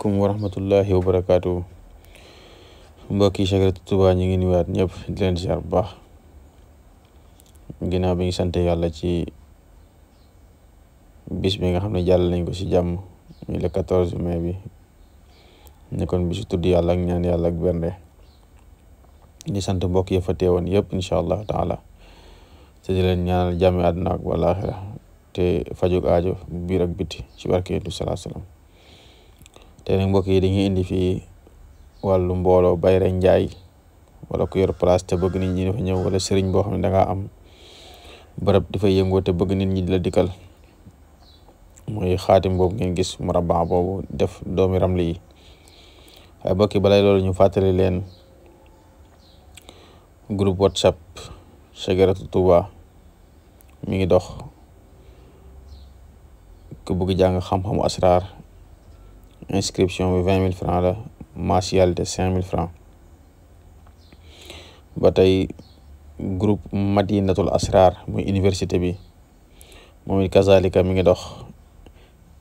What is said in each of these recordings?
asalaamaaleykum wa rahmatullahi wa barakaatu mbokk yi Safinatou Touba ñu ngi nuyuwaat ñëpp di leen ziar bu baax ginnaaw bi ngi sante yàlla ci bis bi nga xam ne jàll nañ ko si jàmm ñu le quatorze mai bi nekkoon tudd yàlla ak ñaan yàlla ak bernde sant mbokk yi fa yëpp incha allah taala te di leen ñaanal jàmmi àdduna ak wala te fajug aajo biir ak biti ci barkeetu salaa salaam tey nag mbokk yi dañuy indi fi wàllu mbooloo bayre njaay wala ku yor place te bëgg nit ñi dafa ñëw wala sëriñ boo xam ne da ngaa am bërëb dafa yëngoo te bëgg ni ñi di la dikkal mooy xaatim boobu ngi gis murabaa boobu def doomi ramli yi waaye mbokk yi balay loolu ñu fàttali leen groupe whatsapp Sagaratu Touba mi ngi dox ku bëgg jàng xam-xamu asraar inscription bi vingt mille francs la mensualité cin mille francs ba tey groupe madinatul asrar muy université bi moom it kazalika mi ngi dox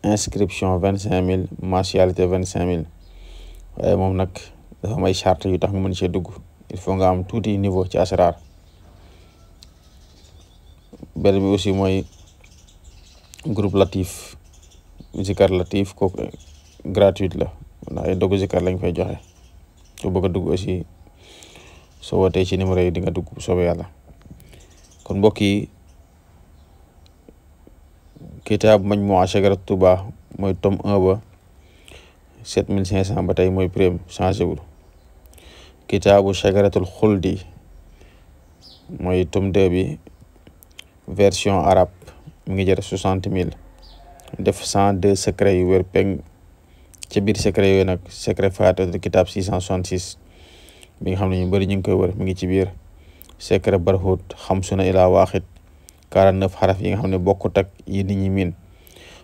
inscription vingt cinq mille mensualité vingt cinq mille waaye moom nag dafa may charte yu tax nga mën cee dugg il faut nga am tuuti niveau ci asrar benn bi aussi mooy groupe latif zikar latif gratuite la ndax ay dogu zikar lañ fay joxe ku bëgg a dugg aussi soo wootee ci numéro yi di nga dugg soobee yàlla kon mbokk yi kitaab Majmua Chagrat Touba mooy tome un ba sept mille cinq cent ba tey mooy prime changé wul kitaabu Chagratul Xuldi mooy tom deux bi version arabe mu ngi jar soixante mille def cent deux secrets yu peng ca biir secret yooyu nag secret faatihatul kitab 666 bi nga xam ne ñu bëri ñu ngi koy wër mi ngi ci biir secret barhut xamsuna ilaa waaxit 49 xaraf yi nga xam ne bokkut ak yi nit ñi miin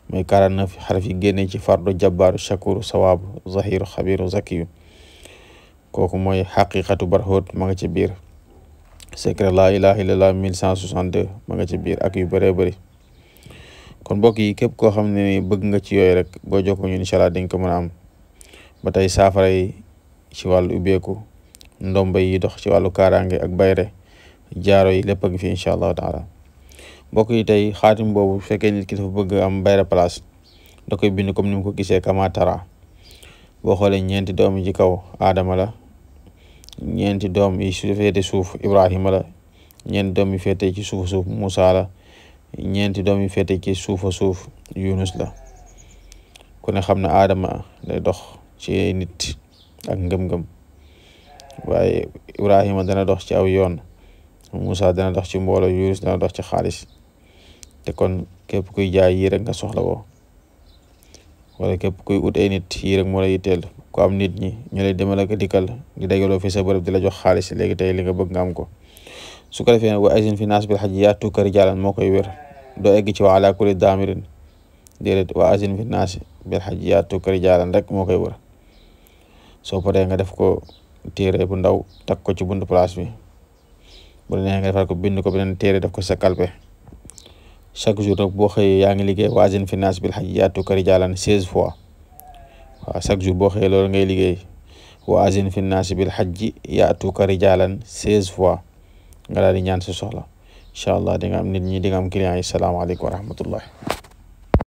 mooy 49 xaraf yi génne ci fardu jabbaaru shakuru sawaabu zahiru xabiru zakiyu kooku mooy xaqiqatu barhut ma nga ci biir secret laa ilaha illallah 1162 ma nga ci biir ak yu bëree bëri kon mbokk yi képp koo xam ne bëgg nga ci yooyu rek boo jokkoo ñu incha allah di ko mën a am ba tey saafara yi ci wàllu ubbeeku ndomba yi dox ci wàllu kaaraange ak bayre jaaro yi lépp a ngi fi incha allah taala mbokk yi tey xaatim boobu fekkee nit ki dafa bëgg am bayre place da koy bind comme ni mu ko gisee kamatara boo xoolee ñeenti doom yi ci kaw aadama la ñeenti doom yi su feete suuf ibrahima la ñeenti doom yi feete ci suuf suuf musa ñeenti doom yu féete ci suufa suuf Yunus la kon ne xam na Aadama day dox ci nit ak ngëm-ngëm waaye Ibrahima dana dox ci aw yoon Moussa dana dox ci mbooloo Yunus dana dox ci xaalis te kon képp kuy jaay yii rek nga soxla woo wala képp kuy ut ay nit yii rek moola la yitteel ku am nit ñi ñu lay demal ak dikkal di dajaloo fi sa bërëb di la jox xaalis léegi tey li nga bëgg nga ko su ko defee wa ajin fi naas bil xaj yaa tukka rijaalan moo koy wér doo egg ci wa ala kulli daamirin déedéet wa ajin fi naas bil xaj yaa tukka rijaalan rek moo koy wër soo paree nga def ko téere bu ndaw takk ko ci buntu place bi bu neexee nga defal ko bind ko beneen téere def ko sa kalpe chaque boo xëyee yaa ngi liggéey wa ajin fi naas bil xaj yaa tukka rijaalan seize fois waaw chaque jour boo xëyee loolu ngay liggéey wa ajin fi naas bil xaj yaatuka rijaalan seize fois nga daal di ñaan si soxla incha allah di am nit ñi di am client yi salaamaaleykum wa rahmatullah